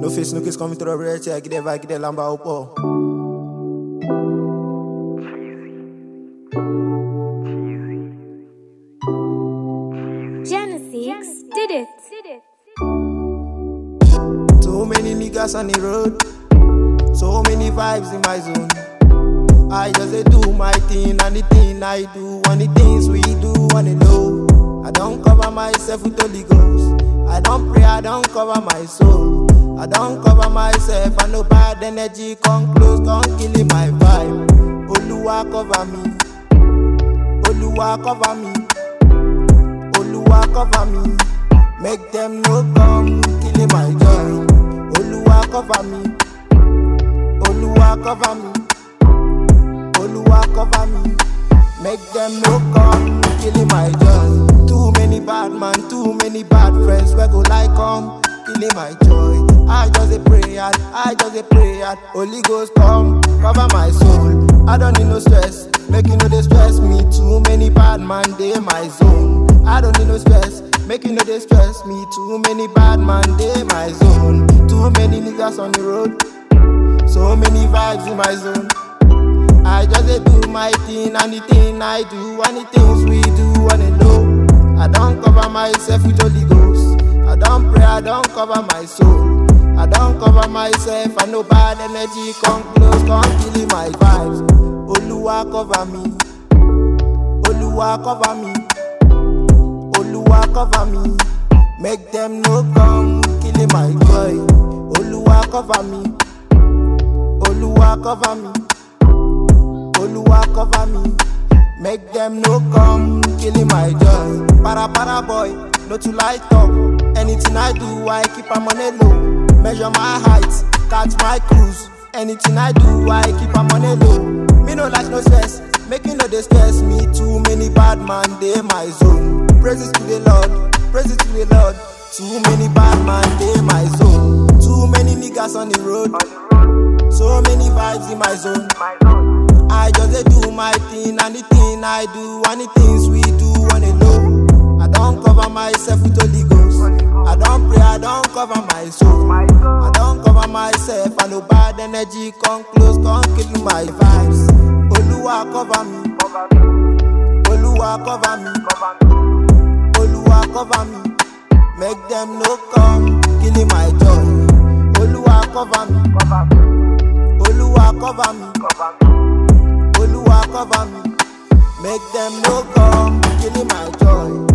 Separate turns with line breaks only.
No face, no kiss coming through the red check. Get that get that lamba up. Oh. Genesis did it. Too many niggas on the road. So many vibes in my zone. I just do my thing, anything I do, and the things we do on the low. I don't cover myself with Holy Ghost. I don't pray, I don't cover my soul. I don't cover myself, and no bad energy come close, come killing my vibe. Oluwa cover me, Oluwa cover me, Oluwa cover me. Make them no come killing my joy. Oluwa cover me, Oluwa cover me, Oluwa cover me. Make them no come killing my joy. Too many bad man, too many bad friends, where go like come killing my joy. I just a pray I just a pray Holy Ghost come cover my soul. I don't need no stress, making no distress me. Too many bad man they my zone. I don't need no stress, making no distress me. Too many bad man they my zone. Too many niggas on the road, so many vibes in my zone. I just do my thing, anything I do, anything we do on the know? I don't cover myself with Holy Ghost. I don't pray, I don't cover my soul. I don't cover myself and no bad energy come close, come killing my vibes. Oluwa cover me, Oluwa cover me, Oluwa cover me. Make them no come killing my joy. Oluwa cover me, Oluwa cover me, Oluwa cover me. Make them no come killing my joy. Para para boy, no to light up. Anything I do, I keep my money low. Measure my height, catch my cruise. Anything I do, I keep my money low. Me no like no stress, making no distress. me. Too many bad man, they my zone. Praises to the Lord, praises to the Lord. Too many bad man, they my zone. Too many niggas on the road. So many vibes in my zone. I just they do my thing, anything I do, anything we do wanna know. cover my soul. my soul. I don't cover myself. I no bad energy. Come close, come kill my vibes. Oluwa cover me. Cover me. Oluwa cover me. Oluwa cover me. Make them no come killing my joy. Oluwa cover me. Cover me. Oluwa me. Cover me. Oluwa cover me. Make them no come killing my joy.